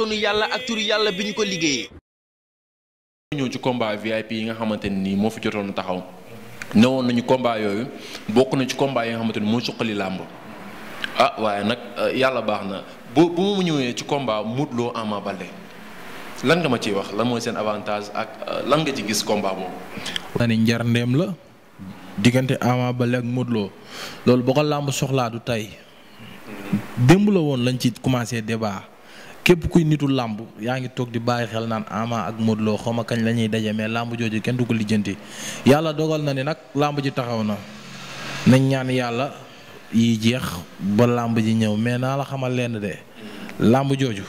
kàttanu yàlla ak yàlla bi ñu ko liggéeyee. ñëw ci combat VIP yi nga xamante ni moo fi jotoon taxaw newoon nañu combat yooyu bokk na ci combat yi nga xamante ni moo suqali làmb ah waaye nag euh, yàlla baax na bu bu mu ñëwee ci combat Modou Lo Ama lan nga ma ciy wax lan mooy seen avantage ak euh, lan nga ci gis combat boobu. na njar ndeem la diggante Ama bale ak Modou loolu boo ko làmb soxlaa du tey démb la woon lañ ci commencé débat. képp kuy nitu làmb yaa ngi toog di bàyyi xel naan Ama ak Modou Lo xaw ma kañ la ñuy daje mais làmb jooju kenn du ko lijjanti yàlla dogal na ni nag làmb ji taxaw na nañ ñaan yàlla yi jeex ba làmb ji ñëw mais naa la xamal lenn de làmb jooju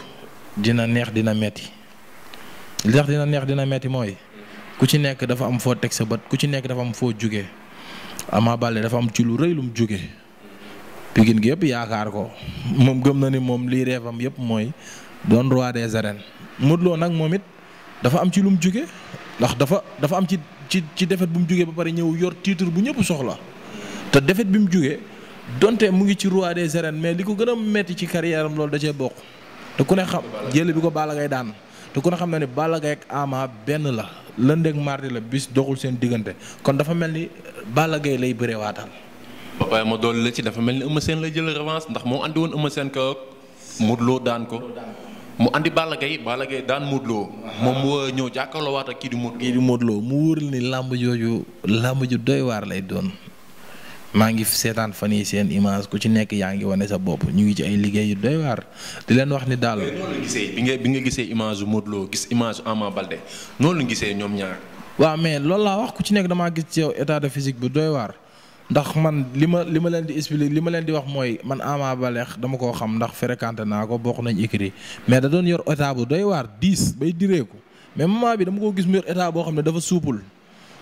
dina neex dina metti li dina neex dina metti mooy ku ci nekk dafa am foo teg sa bët ku ci nekk dafa am foo jóge Ama Baldé dafa am ci lu rëy lum jóge Pikine gi yëpp yaakaar ko moom gëm na ni moom lii reefam yëpp mooy doon roi des arènes Modou Lo nag moom it dafa am ci lu mu jóge ndax dafa dafa am ci ci ci defet bu mu jógee ba pare ñëw yor titre bu ñëpp soxla te defet bi mu jógee donte mu ngi ci roi des arènes mais li ko gën a metti ci carrière loolu da cee bokk te ku ne xam jël bi ko Balla Gaye daan te ku ne xam na ne Balla Gaye ak Ama benn la lundi ak mardi la bis doxul seen diggante kon dafa mel ni Balla Gaye lay bëree papa ma dool la ci dafa mel ni Eumeu Sène la jël revanche ndax moo andi woon Eumeu Sène ko daan ko mu andi Balla Gaye Balla Gaye daan Modou Lo moom mu ñëw jàkkaarloo waat ak kii di Modou kii di Modou Lo mu ni làmb jooju làmb ju doy waar lay doon maa ngi seetaan fan yi seen image ku ci nekk yaa ngi wane sa bopp ñu ngi ci ay liggéey doy waar di leen wax ni daal. bi nga gisee image su gis image su Ama Baldé noonu la gisee ñoom ñaar. waaw mais loolu laa wax ku gis ci yow état ndax man li ma li ma leen di expliquer li ma leen di wax mooy man Ama Baldé dama koo xam ndax fréquenté naa ko bokk nañ écrit mais da doon yor état bu doy waar diis bay direeku mais maa bi dama ko gis mu yor état boo xam ne dafa suubul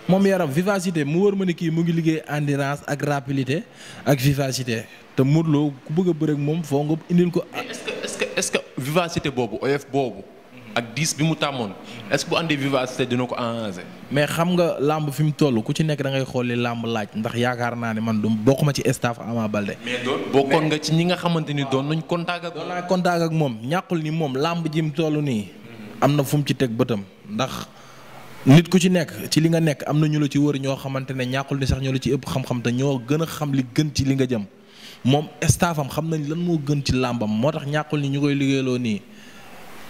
moom yaram vivacité mu wër ma ne kii mu ngi liggéey endurance ak rapidité ak vivacité te Modou loo ku bëgg a moom foo nga indil ko. est-ce que est-ce que vivacité boobu oyof boobu. ak diis bi mu tàmmoon est-ce que bu àndee vivacité dina ko enranger. mais xam nga làmb fi mu toll ku ci nekk da ngay xool làmb laaj ndax yaakaar naa ne man du bokk ma ci staff am Baldé. mais doon bokkoon nga ci ñi nga xamante ni doon nañ contact ak. doon naa moom ñàkkul ni moom làmb ji mu toll nii. am na fu mu ci teg bëtam ndax. nit ku ci nekk ci li nga nekk am na ñu la ci wër ñoo xamante ne ñàkkul ni sax ñoo la ci ëpp xam-xam te ñoo gën a xam li gën ci li nga jëm moom staffam xam nañ lan moo gën ci làmbam moo tax ñàkkul ni ñu koy liggéeyloo nii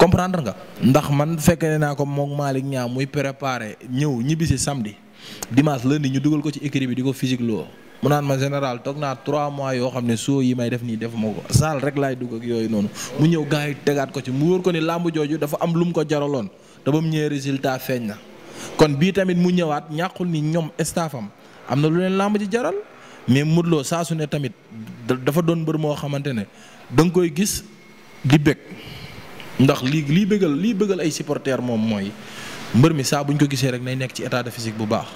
comprendre nga ndax man fekkee naa ko moom Malick ñaa muy préparé ñëw ñibbi si samedi dimanche lundi ñu dugal ko ci écrit bi di ko physique loo mu naan ma général toog naa trois mois yoo xam ne soo yi may def nii def ma ko saal rek lay dugg ak yooyu noonu mu ñëw gars yi tegaat ko ci mu wóor ko ni làmb jooju dafa am lu mu ko jaraloon te ba mu ñëwee résultat feeñ na kon bii tamit mu ñëwaat ñàkkul ni ñoom staffam am na lu leen làmb ji jaral mais Modou Lo saa ne tamit dafa doon mbër moo xamante ne da koy gis di ndax lii lii bëggal lii bëggal ay supporters moom mooy mbër mi saa bu ñu ko gisee rek nay nekk ci état de physique bu baax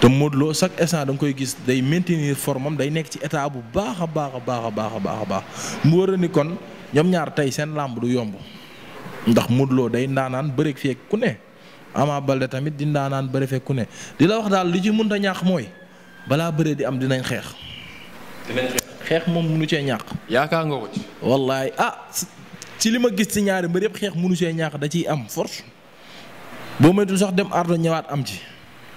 te Modou Lo chaque instant da nga koy gis day maintenir forme day nekk ci état bu baax a baax a baax a baax a baax a baax mu war a ni kon ñoom ñaar tey seen làmb du yomb ndax Modou Lo day ndaanaan bëreeg fii ku ne Ama Baldé tamit di ndaanaan bëri fekk ku ne di la wax daal li ci mënut a ñaax mooy balaa bëree di am dinañ xeex. xeex moom mu cee ñàkk. yaakaar nga ci li ma gis ci ñaari mbër yëpp xeex munu see ñàkk da ciy am force boo moytuwul sax dem ardo ñëwaat am ci.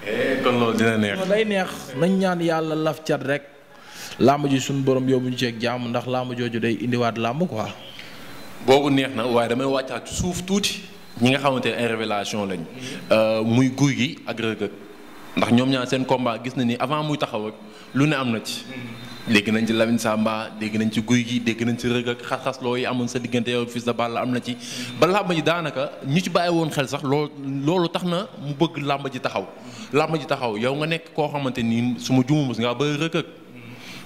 Eh, kon loolu dina neex. day neex nañ ñaan yàlla laf cat rek làmb ji suñu borom yóbbu ñu ceeg jàmm ndax làmb jooju day indiwaat làmb quoi. boobu neex na waaye damay wàccaat suuf tuuti ñi nga xamante ne ay révélation lañ mm-hmm. euh, muy guy gi ak rëgg ndax ñoom ñaar seen combat gis na ni avant muy taxaw ak lu ne am na ci. Mm-hmm. dégg nañ ci Lamine Samba dégg nañ ci guy gi dégg nañ ci rëg xas-xas yi amoon sa diggante yow Fils de Balla am na ci ba làmb ji daanaka ñu ci bàyyi woon xel sax loolu loolu tax na mu bëgg làmb ji taxaw làmb ji taxaw yow nga nekk koo xamante ni su ma jumumus ngaa bëri rëg ak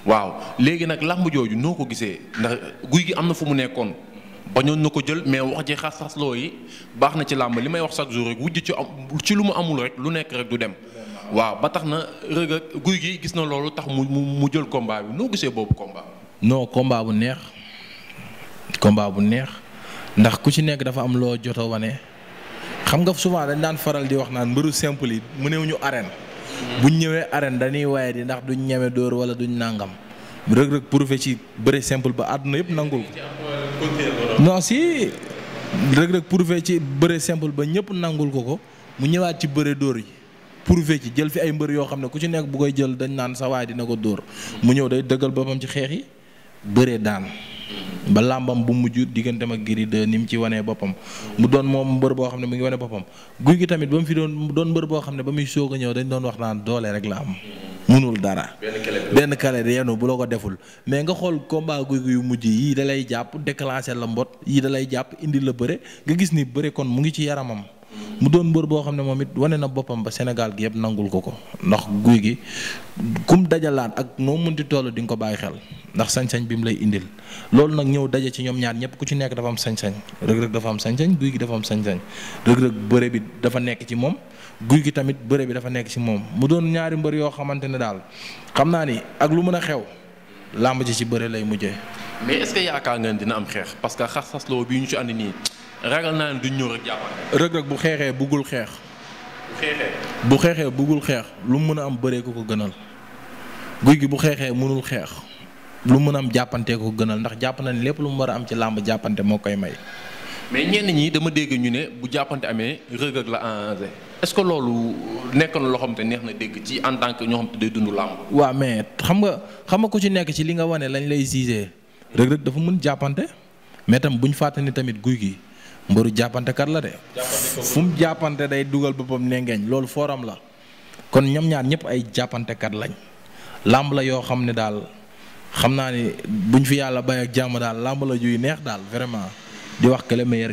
waaw léegi nag làmb jooju noo ko gisee ndax guy gi am na fu mu nekkoon bañoon na ko jël mais wax ji xas-xas yi baax na ci làmb li may wax chaque jour rek wujj ci am ci lu mu amul rek lu nekk rek du dem waaw ba tax na rëgg guy gi gis na loolu tax mu mu jël combat bi noo gisee boobu combat. noo combat bu neex combat bu neex ndax ku ci nekk dafa am loo jot wane xam nga souvent dañ daan faral di wax naan mbëru simple yi mu néew ñu arène. buñ ñëwee arène dañuy waaye di ndax duñ ñeme dóor wala duñ nangam Reug pour prouvé ci bëre simple ba àdduna yëpp nangul ko. non si Reug pour prouvé ci bëre simple ba ñëpp nangul ko ko mu ñëwaat ci bëre dóor yi. prouvé ci jël fi ay mbër yoo xam ne ku ci nekk bu koy jël dañ naan sa dina ko dóor mu ñëw day dëggal boppam ci xeex yi bëree daan ba làmbam bu mujj digganteem ak Gris ni mu ci wanee boppam mu doon moom mbër boo xam ne mu ngi wane boppam guy gi tamit ba mu fi doon doon mbër boo xam ne ba muy soog a ñëw dañ doon wax naan doole rek la am mënul dara benn kale reenu bu la ko deful mais nga xool combat guy yu mujj yii da lay jàpp déclencher la mbot yii da lay jàpp indi la bëre nga gis ni bëre kon mu ngi ci yaramam mu doon mbër boo xam ne moom it wane na boppam ba Sénégal gi yëpp nangul ko ko ndax guy gi kum dajalaat ak noo munti toll di nga ko bàyyi xel ndax sañ-sañ bi mu lay indil loolu nag ñëw daje ci ñoom ñaar ñëpp ku ci nekk dafa am sañ rëg-rëg dafa am sañ guy gi dafa am sañ-sañ rëg-rëg bëre bi dafa nekk ci moom guy gi tamit bëre bi dafa nekk ci moom mu doon ñaari mbër yoo xamante ne daal xam naa ni ak lu mën a xew làmb ji ci bëre lay mujjee mais est yaakaar nga yaakaar dina am xeex parce que xas-xasloo bi ñu ci andi nii ragal naa ne duñ ñëw rek jàppante. rëg bu xeexee buggul xeex. bu xeexee. bu xeexee buggul xeex lu mu mën a am bëree ko ko gënal guy gi bu xeexee mënul xeex lu mën a am jàppante ko gënal ndax jàpp na ne lépp lu mu war a am ci làmb jàppante moo koy may. mais ñenn ñi dama dégg ñu ne bu jàppante amee rëg-rëg la enragé est-ce que loolu nekk na loo te neex na dégg ci en tant que ñoo xam te day dund làmb. waaw mais xam nga xam nga ku ci nekk ci li nga wane lañ lay gisee rëg dafa mën jàppante mais tam bu ñu fàtte ni tamit guy gi mbaru jàppantekat la de. fu jàppante day dugal boppam nengeeñ loolu fooram la kon ñoom ñaar ñëpp ay jàppantekat lañ làmb la yoo xam ne daal xam naa ni buñ fi yàlla bay ak jàmm daal làmb la juy neex daal vraiment di wax que le meilleur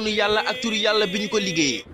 yoonu yàlla ak turu yàlla bi ñu ko liggéeyee